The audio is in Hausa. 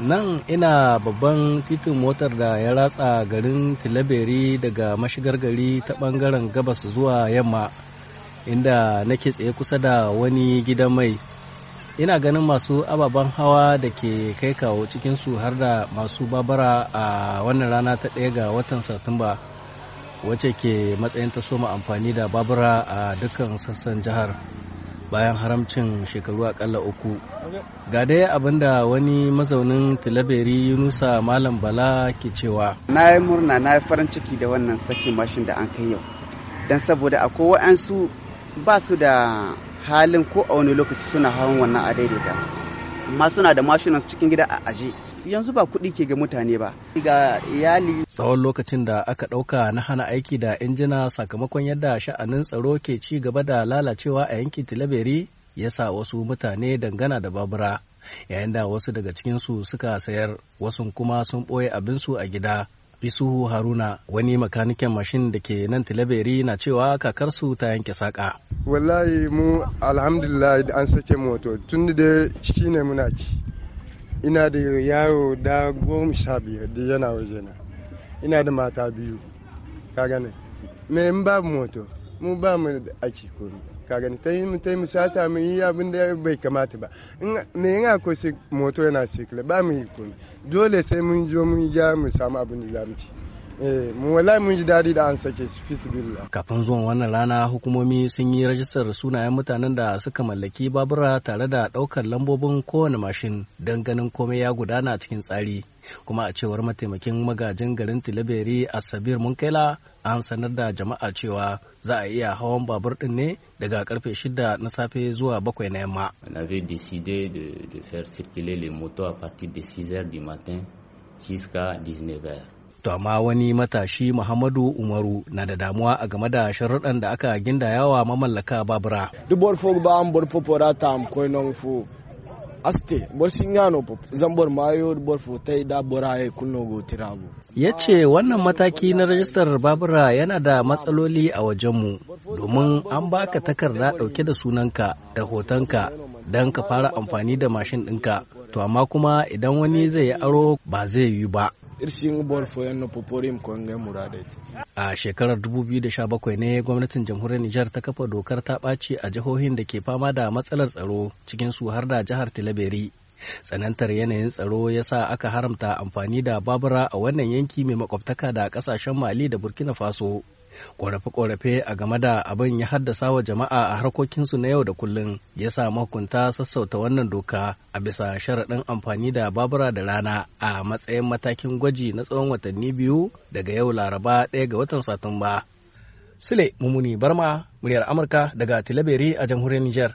nan ina babban titin motar da ya ratsa garin tilaberi daga mashigar gari ta bangaren gabas zuwa yamma inda nake tsaye kusa da wani gidan mai ina ganin masu ababen hawa da ke kai kawo cikinsu har da masu babara a wannan rana ta ɗaya ga watan satumba wacce ke matsayin ta soma amfani da babura a dukkan sassan jihar bayan haramcin shekaru akalla uku ga dai abinda wani mazaunin tilaberi yunusa malam bala ke cewa na yi murna na yi farin ciki da wannan sakin mashin da an kai yau don saboda akwai wa'ansu ba su da halin ko a wani lokaci suna hawan wannan adaidaita amma suna da mashinansu cikin gida a aje yanzu ba kuɗi ke ga mutane ba ga iyali tsawon lokacin da aka ɗauka na hana aiki da injina sakamakon yadda sha'anin tsaro ke ci gaba da lalacewa a yankin tilaberi ya sa wasu mutane dangana da babura yayin da wasu daga cikinsu suka sayar wasu kuma sun ɓoye abinsu a gida Isuhu Haruna wani makaniken mashin da ke nan Tilaberi na cewa kakarsu ta yanke saƙa. Wallahi mu alhamdulillah da an sake moto tun da shi ne muna ci. Ina da yaro da goma sha biyar da yana wajena. Ina da mata biyu. Ka gane. Me in babu moto mu ba mu da aiki ko ka gani ta yi mu ta yi mu yi abin da bai kamata ba me yana ko moto yana sikila ba mu yi komi dole sai mun jo mun ja mu samu abin da za mu ci Eh, mu wallahi mun ji dadi da an sake shi fisbillah kafin zuwan wannan rana hukumomi sun yi rajistar sunayen mutanen da suka mallaki babura tare da daukar lambobin kowane mashin don ganin komai ya gudana cikin tsari kuma a cewar mataimakin magajin garin tilaberi a sabir munkaila an sanar da jama'a cewa za a iya hawan babur din ne daga karfe 6 na safe zuwa 7 na yamma on avait décidé de, de faire circuler les motos à partir de 6 h du matin jusqu'à 19 To amma wani matashi Muhammadu Umaru na da damuwa a game da sharuɗan da aka gindayawa mamallaka babura. Dubuwar fog ba an bar fofora ta nan fo. Aste, mayo e kunno Ya ce wannan mataki na rajistar babura yana da matsaloli a wajenmu domin an baka takarda ɗauke da sunanka da hotonka don ka fara amfani da mashin ɗinka. To amma kuma idan wani zai yi aro ba zai yi ba. irshin bor foyan no poporim kwange murade a shekarar 2017 ne gwamnatin jamhuriyar Nijar ta kafa dokar ta ɓaci a jihohin da ke fama da matsalar tsaro cikin su har da jihar Tilaberi tsanantar yanayin tsaro ya sa aka haramta amfani da babura a wannan yanki mai makwabtaka da kasashen mali da burkina faso Ƙorafe-ƙorafe a game da abin ya haddasa wa jama'a a harkokinsu na yau da kullum ya sa mahukunta sassauta wannan doka a bisa sharaɗin amfani da babura da rana a matsayin matakin gwaji na tsawon watanni biyu daga yau laraba ɗaya ga watan satumba. Sule Mumuni Barma, muryar Amurka daga Tilaberi a jamhuriyar Nijar.